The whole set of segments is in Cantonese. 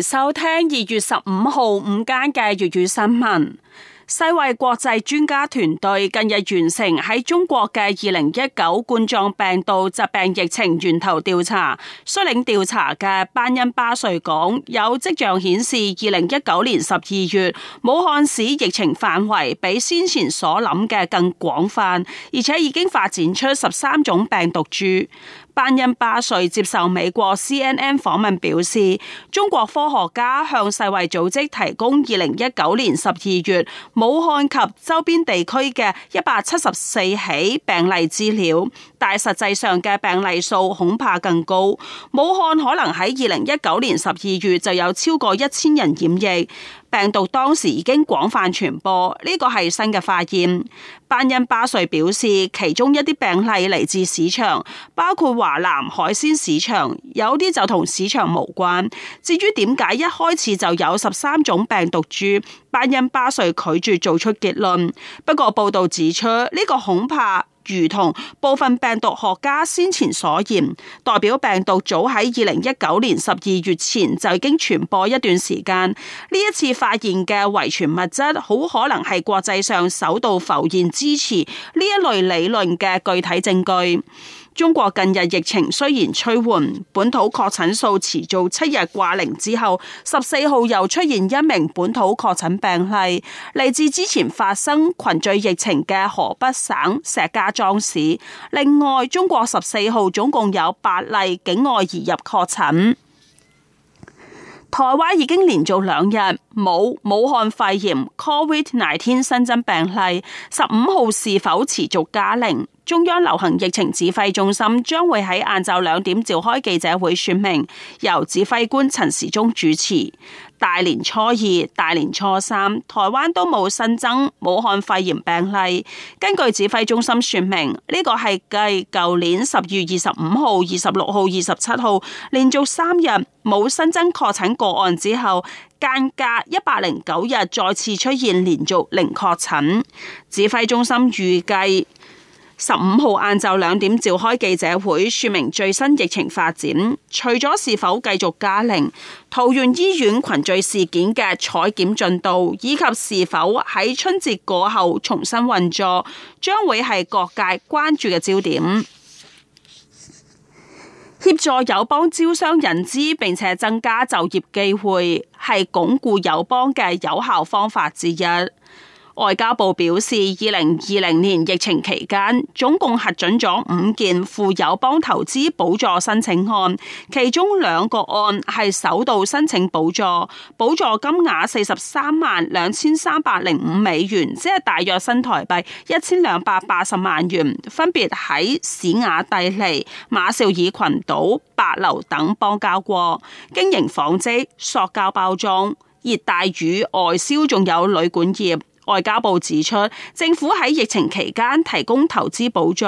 收聽二月十五號午間嘅粵語新聞。世衛國際專家團隊近日完成喺中國嘅二零一九冠狀病毒疾病疫情源頭調查。率領調查嘅班恩巴瑞講，有跡象顯示二零一九年十二月武漢市疫情範圍比先前所諗嘅更廣泛，而且已經發展出十三種病毒株。班恩巴瑞接受美國 CNN 訪問表示，中國科學家向世衛組織提供二零一九年十二月武漢及周邊地區嘅一百七十四起病例資料。但係實際上嘅病例數恐怕更高。武漢可能喺二零一九年十二月就有超過一千人染疫，病毒當時已經廣泛傳播。呢個係新嘅發現。班恩巴瑞表示，其中一啲病例嚟自市場，包括華南海鮮市場，有啲就同市場無關。至於點解一開始就有十三種病毒株，班恩巴瑞拒絕做出結論。不過報道指出，呢個恐怕，如同部分病毒學家先前所言，代表病毒早喺二零一九年十二月前就已經傳播一段時間。呢一次發現嘅遺傳物質，好可能係國際上首度浮現支持呢一類理論嘅具體證據。中國近日疫情雖然趨緩，本土確診數持續七日掛零之後，十四號又出現一名本土確診病例，嚟自之前發生群聚疫情嘅河北省石家壯士。另外，中國十四號總共有八例境外移入確診。台灣已經連續兩日冇武漢肺炎 （COVID-19） 新增病例。十五號是否持續加零？中央流行疫情指揮中心將會喺晏晝兩點召開記者會，說明由指揮官陳時中主持。大年初二、大年初三，台灣都冇新增武漢肺炎病例。根據指揮中心説明，呢個係繼舊年十月二十五號、二十六號、二十七號連續三日冇新增確診個案之後，間隔一百零九日再次出現連續零確診。指揮中心預計，十五號晏晝兩點召開記者會，說明最新疫情發展。除咗是否繼續加零，桃園醫院群聚事件嘅採檢進度，以及是否喺春節過後重新運作，將會係各界關注嘅焦點。協助友邦招商引資，並且增加就業機會，係鞏固友邦嘅有效方法之一。外交部表示，二零二零年疫情期間，總共核准咗五件赴友邦投資補助申請案，其中兩個案係首度申請補助，補助金額四十三萬兩千三百零五美元，即係大約新台幣一千兩百八十萬元，分別喺史瓦蒂尼、馬紹爾群島、帛琉等邦交國經營紡織、塑膠包裝、熱帶魚外銷，仲有旅館業。外交部指出，政府喺疫情期間提供投資補助，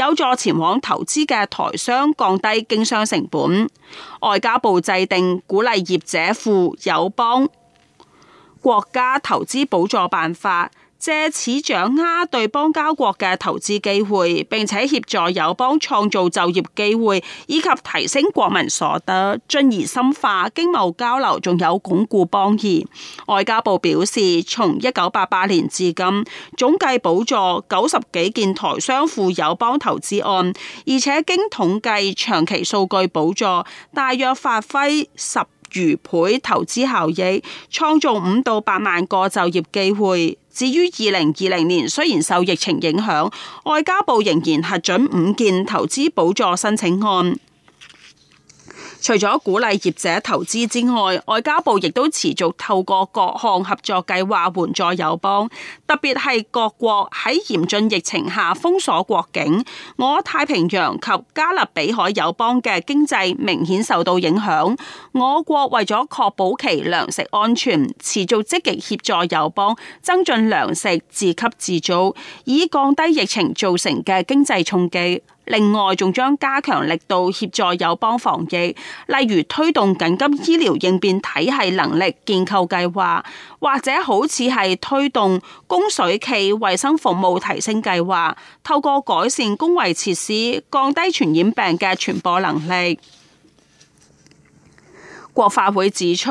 有助前往投資嘅台商降低經商成本。外交部制定《鼓勵業者赴友邦國家投資補助辦法》。借此掌握對邦交國嘅投資機會，並且協助友邦創造就業機會，以及提升國民所得，進而深化經貿交流，仲有鞏固邦誼。外交部表示，從一九八八年至今，總計補助九十幾件台商赴友邦投資案，而且經統計，長期數據補助大約發揮十。逾倍投資效益，創造五到八萬個就業機會。至於二零二零年，雖然受疫情影響，外交部仍然核准五件投資補助申請案。除咗鼓勵業者投資之外，外交部亦都持續透過各項合作計劃援助友邦，特別係各國喺嚴峻疫情下封鎖國境，我太平洋及加勒比海友邦嘅經濟明顯受到影響。我國為咗確保其糧食安全，持續積極協助友邦增進糧食自給自足，以降低疫情造成嘅經濟衝擊。另外，仲將加強力度協助友邦防疫，例如推動緊急醫療應變體系能力建構計劃，或者好似係推動供水器衞生服務提升計劃，透過改善公衞設施，降低傳染病嘅傳播能力。國法會指出，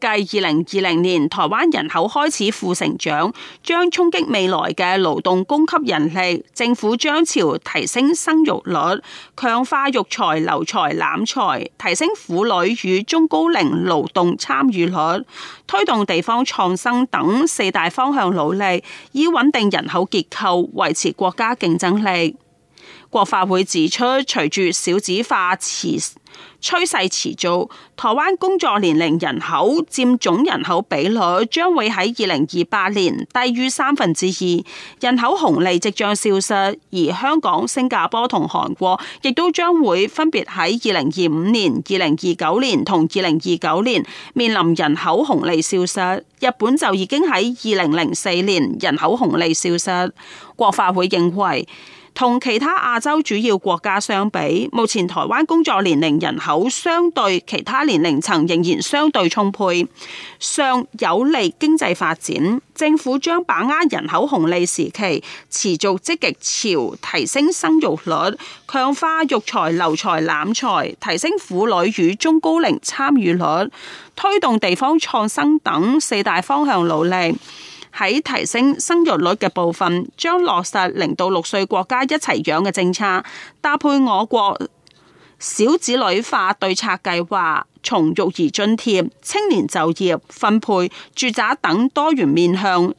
繼二零二零年台灣人口開始負成長，將衝擊未來嘅勞動供給人力。政府將朝提升生育率、強化育才、留才、攬才、提升婦女與中高齡勞動參與率、推動地方創生等四大方向努力，以穩定人口結構，維持國家競爭力。國發會指出，隨住少子化持趨勢持續，台灣工作年齡人口佔總人口比率將會喺二零二八年低於三分之二，人口紅利即將消失。而香港、新加坡同韓國亦都將會分別喺二零二五年、二零二九年同二零二九年面臨人口紅利消失。日本就已經喺二零零四年人口紅利消失。國發會認為，同其他亞洲主要國家相比，目前台灣工作年齡人口相對其他年齡層仍然相對充沛，尚有利經濟發展。政府將把握人口紅利時期，持續積極朝提升生育率，強化育才、留才、攬才，提升婦女與中高齡參與率，推動地方創生等四大方向努力。喺提升生育率嘅部分，將落實零到六歲國家一齊養嘅政策，搭配我國少子女化對策計劃，從育兒津貼、青年就業分配、住宅等多元面向，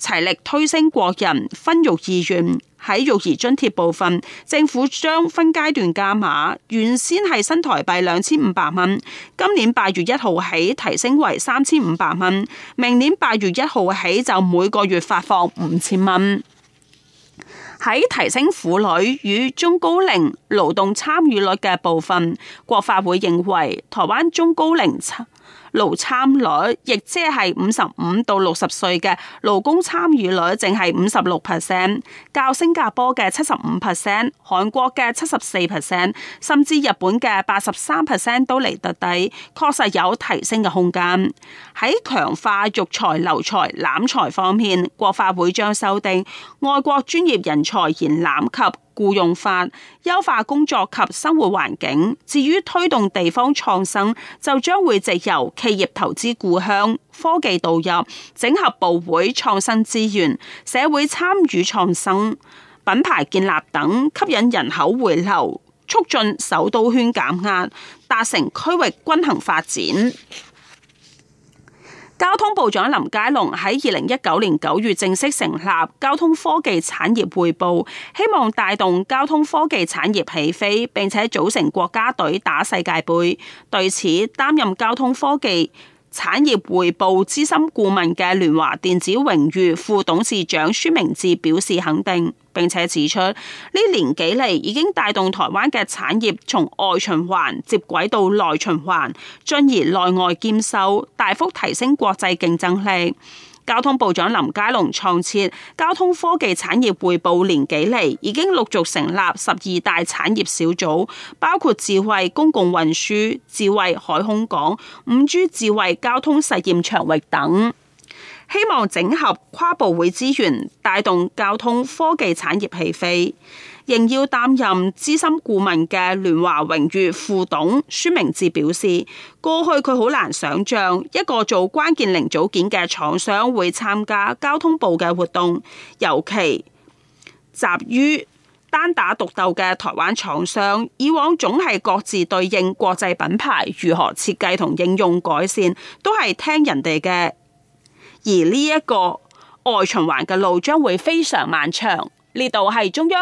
齊力推升國人婚育意願。喺育兒津貼部分，政府將分階段加碼，原先係新台幣兩千五百蚊，今年八月一號起提升為三千五百蚊，明年八月一號起就每個月發放五千蚊。喺提升婦女與中高齡勞動參與率嘅部分，國發會認為台灣中高齡。勞參率亦即係五十五到六十歲嘅勞工參與率，淨係五十六 percent，較新加坡嘅七十五 percent、韓國嘅七十四 percent，甚至日本嘅八十三 percent 都嚟得低，確實有提升嘅空間。喺強化育才留才攬才方面，國法會將修訂外國專業人才延攬及僱用法，優化工作及生活環境。至於推動地方創生，就將會藉由企業投資故鄉、科技導入、整合部會創生資源、社會參與創生、品牌建立等，吸引人口回流，促進首都圈減壓，達成區域均衡發展。交通部長林佳龍喺二零一九年九月正式成立交通科技產業會報，希望帶動交通科技產業起飛，並且組成國家隊打世界杯。對此，擔任交通科技產業會報資深顧問嘅聯華電子榮譽副董事長宣明智表示肯定。並且指出，呢年幾嚟已經帶動台灣嘅產業從外循環接軌到內循環，進而內外兼修，大幅提升國際競爭力。交通部長林佳龍創設交通科技產業會報，年幾嚟已經陸續成立十二大產業小組，包括智慧公共運輸、智慧海空港、五 G 智慧交通實驗場域等。希望整合跨部會資源，帶動交通科技產業起飛。仍要擔任資深顧問嘅聯華榮譽副董宣明智表示，過去佢好難想象一個做關鍵零組件嘅廠商會參加交通部嘅活動，尤其集於單打獨鬥嘅台灣廠商，以往總係各自對應國際品牌，如何設計同應用改善，都係聽人哋嘅。而呢一個外循環嘅路將會非常漫長，呢度係中央。